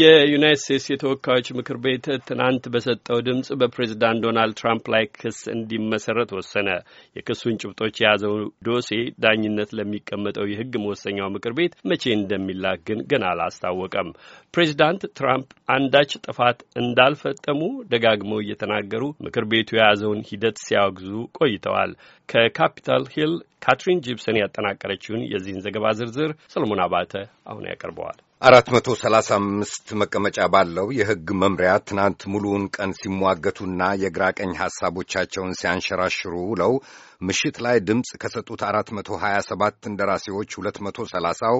የዩናይት ስቴትስ የተወካዮች ምክር ቤት ትናንት በሰጠው ድምፅ በፕሬዝዳንት ዶናልድ ትራምፕ ላይ ክስ እንዲመሰረት ወሰነ። የክሱን ጭብጦች የያዘው ዶሴ ዳኝነት ለሚቀመጠው የሕግ መወሰኛው ምክር ቤት መቼ እንደሚላክ ግን ገና አላስታወቀም። ፕሬዝዳንት ትራምፕ አንዳች ጥፋት እንዳልፈጠሙ ደጋግመው እየተናገሩ ምክር ቤቱ የያዘውን ሂደት ሲያወግዙ ቆይተዋል። ከካፒታል ሂል ካትሪን ጂፕሰን ያጠናቀረችውን የዚህን ዘገባ ዝርዝር ሰለሞን አባተ አሁን ያቀርበዋል። አራት መቶ ሰላሳ አምስት መቀመጫ ባለው የሕግ መምሪያ ትናንት ሙሉውን ቀን ሲሟገቱና የግራ ቀኝ ሐሳቦቻቸውን ሲያንሸራሽሩ ውለው ምሽት ላይ ድምፅ ከሰጡት አራት መቶ ሀያ ሰባት እንደራሴዎች ሁለት መቶ ሰላሳው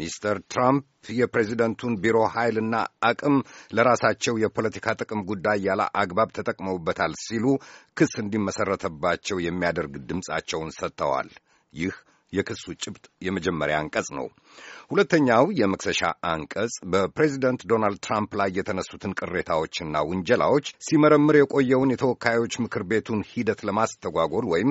ሚስተር ትራምፕ የፕሬዚደንቱን ቢሮ ኃይልና አቅም ለራሳቸው የፖለቲካ ጥቅም ጉዳይ ያለ አግባብ ተጠቅመውበታል ሲሉ ክስ እንዲመሠረተባቸው የሚያደርግ ድምፃቸውን ሰጥተዋል። ይህ የክሱ ጭብጥ የመጀመሪያ አንቀጽ ነው። ሁለተኛው የመክሰሻ አንቀጽ በፕሬዚደንት ዶናልድ ትራምፕ ላይ የተነሱትን ቅሬታዎችና ውንጀላዎች ሲመረምር የቆየውን የተወካዮች ምክር ቤቱን ሂደት ለማስተጓጎል ወይም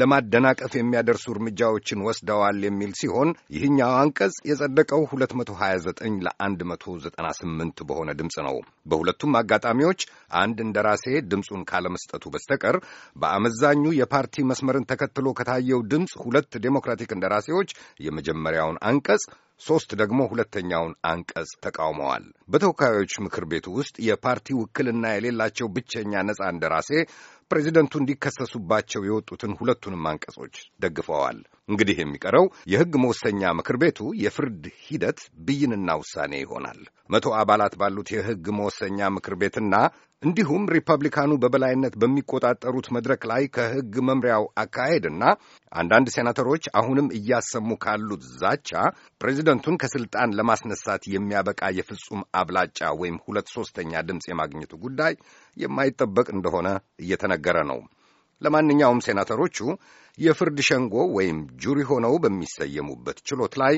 ለማደናቀፍ የሚያደርሱ እርምጃዎችን ወስደዋል የሚል ሲሆን ይህኛው አንቀጽ የጸደቀው 229 ለ198 በሆነ ድምፅ ነው። በሁለቱም አጋጣሚዎች አንድ እንደራሴ ድምፁን ካለመስጠቱ በስተቀር በአመዛኙ የፓርቲ መስመርን ተከትሎ ከታየው ድምፅ ሁለት ዴሞክራ ዲሞክራቲክ እንደራሴዎች የመጀመሪያውን አንቀጽ ሦስት ደግሞ ሁለተኛውን አንቀጽ ተቃውመዋል። በተወካዮች ምክር ቤቱ ውስጥ የፓርቲ ውክልና የሌላቸው ብቸኛ ነጻ እንደራሴ ፕሬዚደንቱ እንዲከሰሱባቸው የወጡትን ሁለቱንም አንቀጾች ደግፈዋል። እንግዲህ የሚቀረው የሕግ መወሰኛ ምክር ቤቱ የፍርድ ሂደት ብይንና ውሳኔ ይሆናል። መቶ አባላት ባሉት የሕግ መወሰኛ ምክር ቤትና እንዲሁም ሪፐብሊካኑ በበላይነት በሚቆጣጠሩት መድረክ ላይ ከሕግ መምሪያው አካሄድና አንዳንድ ሴናተሮች አሁንም እያሰሙ ካሉት ዛቻ ፕሬዚደንቱን ከስልጣን ለማስነሳት የሚያበቃ የፍጹም አብላጫ ወይም ሁለት ሶስተኛ ድምፅ የማግኘቱ ጉዳይ የማይጠበቅ እንደሆነ እየተነገ እየተነገረ ነው። ለማንኛውም ሴናተሮቹ የፍርድ ሸንጎ ወይም ጁሪ ሆነው በሚሰየሙበት ችሎት ላይ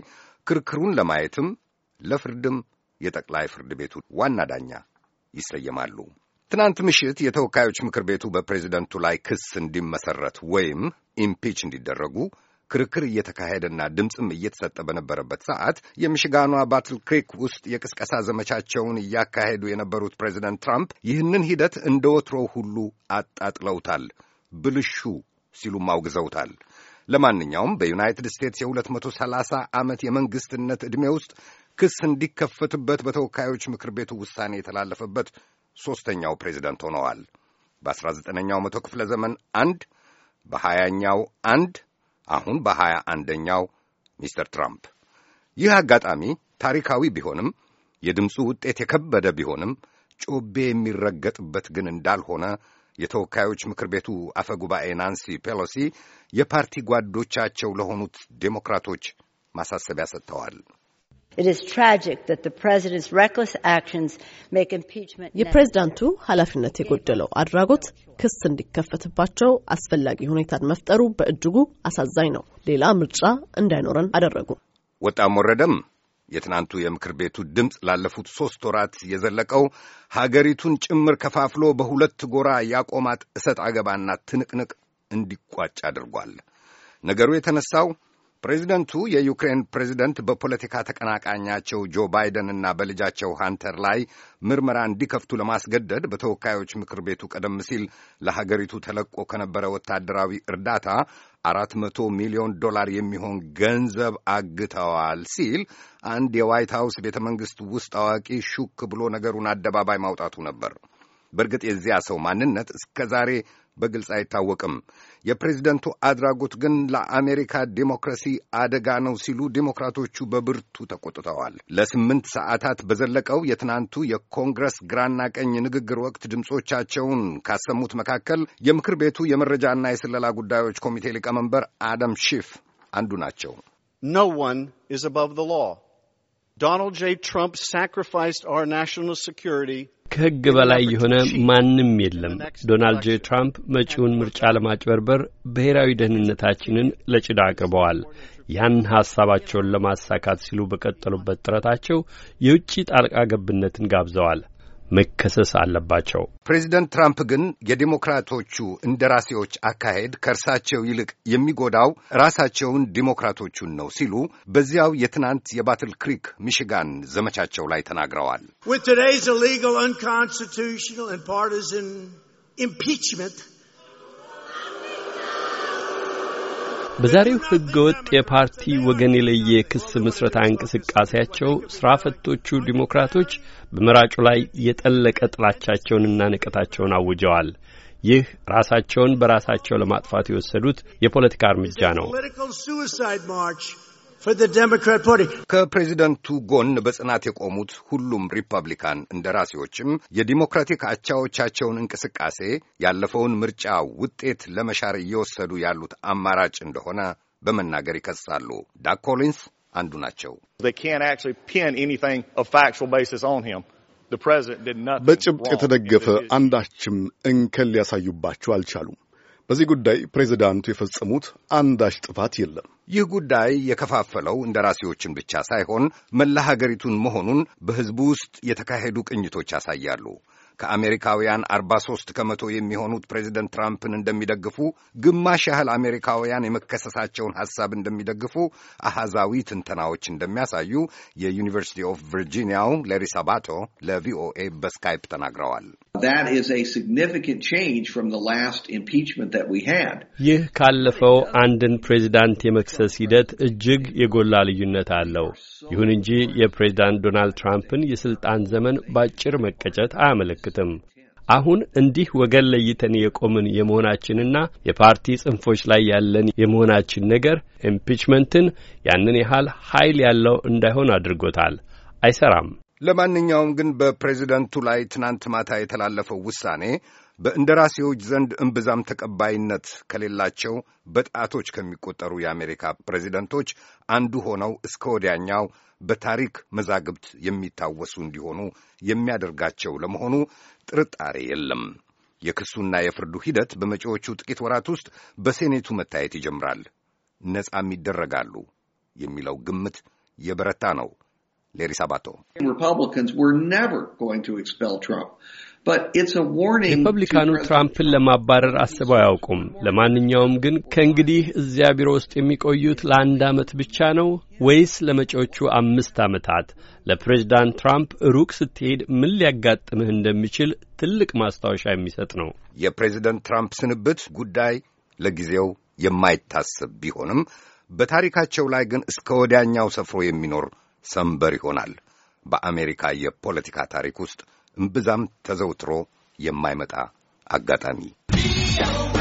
ክርክሩን ለማየትም ለፍርድም የጠቅላይ ፍርድ ቤቱ ዋና ዳኛ ይሰየማሉ። ትናንት ምሽት የተወካዮች ምክር ቤቱ በፕሬዚደንቱ ላይ ክስ እንዲመሰረት ወይም ኢምፒች እንዲደረጉ ክርክር እየተካሄደና ድምፅም እየተሰጠ በነበረበት ሰዓት የሚሽጋኗ ባትል ክሪክ ውስጥ የቅስቀሳ ዘመቻቸውን እያካሄዱ የነበሩት ፕሬዚደንት ትራምፕ ይህንን ሂደት እንደ ወትሮው ሁሉ አጣጥለውታል፣ ብልሹ ሲሉም አውግዘውታል። ለማንኛውም በዩናይትድ ስቴትስ የ230 ዓመት የመንግሥትነት ዕድሜ ውስጥ ክስ እንዲከፈትበት በተወካዮች ምክር ቤቱ ውሳኔ የተላለፈበት ሦስተኛው ፕሬዚደንት ሆነዋል። በ19ኛው መቶ ክፍለ ዘመን አንድ፣ በ20ኛው አንድ አሁን በሀያ አንደኛው ሚስተር ትራምፕ ይህ አጋጣሚ ታሪካዊ ቢሆንም የድምፁ ውጤት የከበደ ቢሆንም ጮቤ የሚረገጥበት ግን እንዳልሆነ የተወካዮች ምክር ቤቱ አፈ ጉባኤ ናንሲ ፔሎሲ የፓርቲ ጓዶቻቸው ለሆኑት ዴሞክራቶች ማሳሰቢያ ሰጥተዋል። የፕሬዝዳንቱ ኃላፊነት የጎደለው አድራጎት ክስ እንዲከፈትባቸው አስፈላጊ ሁኔታን መፍጠሩ በእጅጉ አሳዛኝ ነው። ሌላ ምርጫ እንዳይኖረን አደረጉ። ወጣም ወረደም የትናንቱ የምክር ቤቱ ድምፅ ላለፉት ሦስት ወራት የዘለቀው ሀገሪቱን ጭምር ከፋፍሎ በሁለት ጎራ ያቆማት እሰጥ አገባና ትንቅንቅ እንዲቋጭ አድርጓል። ነገሩ የተነሳው ፕሬዚደንቱ የዩክሬን ፕሬዚደንት በፖለቲካ ተቀናቃኛቸው ጆ ባይደን እና በልጃቸው ሃንተር ላይ ምርመራ እንዲከፍቱ ለማስገደድ በተወካዮች ምክር ቤቱ ቀደም ሲል ለሀገሪቱ ተለቆ ከነበረ ወታደራዊ እርዳታ አራት መቶ ሚሊዮን ዶላር የሚሆን ገንዘብ አግተዋል ሲል አንድ የዋይት ሀውስ ቤተ መንግሥት ውስጥ አዋቂ ሹክ ብሎ ነገሩን አደባባይ ማውጣቱ ነበር። በእርግጥ የዚያ ሰው ማንነት እስከ ዛሬ በግልጽ አይታወቅም። የፕሬዝደንቱ አድራጎት ግን ለአሜሪካ ዲሞክራሲ አደጋ ነው ሲሉ ዲሞክራቶቹ በብርቱ ተቆጥተዋል። ለስምንት ሰዓታት በዘለቀው የትናንቱ የኮንግረስ ግራና ቀኝ ንግግር ወቅት ድምፆቻቸውን ካሰሙት መካከል የምክር ቤቱ የመረጃና የስለላ ጉዳዮች ኮሚቴ ሊቀመንበር አደም ሺፍ አንዱ ናቸው። No Donald J. Trump sacrificed our national security. ከሕግ በላይ የሆነ ማንም የለም። ዶናልድ ጄ ትራምፕ መጪውን ምርጫ ለማጭበርበር ብሔራዊ ደህንነታችንን ለጭዳ አቅርበዋል። ያን ሐሳባቸውን ለማሳካት ሲሉ በቀጠሉበት ጥረታቸው የውጭ ጣልቃ ገብነትን ጋብዘዋል። መከሰስ አለባቸው። ፕሬዚደንት ትራምፕ ግን የዴሞክራቶቹ እንደራሴዎች አካሄድ ከእርሳቸው ይልቅ የሚጎዳው ራሳቸውን ዲሞክራቶቹን ነው ሲሉ በዚያው የትናንት የባትል ክሪክ ሚሽጋን ዘመቻቸው ላይ ተናግረዋል። With today's illegal, unconstitutional and partisan impeachment በዛሬው ሕገ ወጥ የፓርቲ ወገን የለየ ክስ ምስረታ እንቅስቃሴያቸው ሥራ ፈቶቹ ዲሞክራቶች በመራጩ ላይ የጠለቀ ጥላቻቸውንና ንቀታቸውን አውጀዋል። ይህ ራሳቸውን በራሳቸው ለማጥፋት የወሰዱት የፖለቲካ እርምጃ ነው። ከፕሬዚደንቱ ጎን በጽናት የቆሙት ሁሉም ሪፐብሊካን እንደራሴዎችም የዲሞክራቲክ አቻዎቻቸውን እንቅስቃሴ ያለፈውን ምርጫ ውጤት ለመሻር እየወሰዱ ያሉት አማራጭ እንደሆነ በመናገር ይከሳሉ። ዳክ ኮሊንስ አንዱ ናቸው። በጭብጥ የተደገፈ አንዳችም እንከን ሊያሳዩባቸው አልቻሉም። በዚህ ጉዳይ ፕሬዚዳንቱ የፈጸሙት አንዳች ጥፋት የለም። ይህ ጉዳይ የከፋፈለው እንደራሴዎችን ብቻ ሳይሆን መላ ሀገሪቱን መሆኑን በሕዝቡ ውስጥ የተካሄዱ ቅኝቶች ያሳያሉ። ከአሜሪካውያን 43 ከመቶ የሚሆኑት ፕሬዚደንት ትራምፕን እንደሚደግፉ፣ ግማሽ ያህል አሜሪካውያን የመከሰሳቸውን ሐሳብ እንደሚደግፉ አሃዛዊ ትንተናዎች እንደሚያሳዩ የዩኒቨርሲቲ ኦፍ ቨርጂኒያው ሌሪ ሳባቶ ለቪኦኤ በስካይፕ ተናግረዋል። That is a significant change from the last impeachment that we had. ይህ ካለፈው አንድን ፕሬዚዳንት የመክሰስ ሂደት እጅግ የጎላ ልዩነት አለው። ይሁን እንጂ የፕሬዚዳንት ዶናልድ ትራምፕን የስልጣን ዘመን ባጭር መቀጨት አያመለክትም። አሁን እንዲህ ወገን ለይተን የቆምን የመሆናችንና የፓርቲ ጽንፎች ላይ ያለን የመሆናችን ነገር ኢምፒችመንትን ያንን ያህል ኃይል ያለው እንዳይሆን አድርጎታል። አይሰራም። ለማንኛውም ግን በፕሬዚደንቱ ላይ ትናንት ማታ የተላለፈው ውሳኔ በእንደራሴዎች ዘንድ እምብዛም ተቀባይነት ከሌላቸው በጣቶች ከሚቆጠሩ የአሜሪካ ፕሬዚደንቶች አንዱ ሆነው እስከ ወዲያኛው በታሪክ መዛግብት የሚታወሱ እንዲሆኑ የሚያደርጋቸው ለመሆኑ ጥርጣሬ የለም። የክሱና የፍርዱ ሂደት በመጪዎቹ ጥቂት ወራት ውስጥ በሴኔቱ መታየት ይጀምራል። ነጻም ይደረጋሉ የሚለው ግምት የበረታ ነው። ሌሪ ሳባቶ ሪፐብሊካኑ ትራምፕን ለማባረር አስበው አያውቁም። ለማንኛውም ግን ከእንግዲህ እዚያ ቢሮ ውስጥ የሚቆዩት ለአንድ ዓመት ብቻ ነው ወይስ ለመጪዎቹ አምስት ዓመታት? ለፕሬዚዳንት ትራምፕ ሩቅ ስትሄድ ምን ሊያጋጥምህ እንደሚችል ትልቅ ማስታወሻ የሚሰጥ ነው። የፕሬዚደንት ትራምፕ ስንብት ጉዳይ ለጊዜው የማይታሰብ ቢሆንም በታሪካቸው ላይ ግን እስከ ወዲያኛው ሰፍሮ የሚኖር ሰንበር ይሆናል። በአሜሪካ የፖለቲካ ታሪክ ውስጥ እምብዛም ተዘውትሮ የማይመጣ አጋጣሚ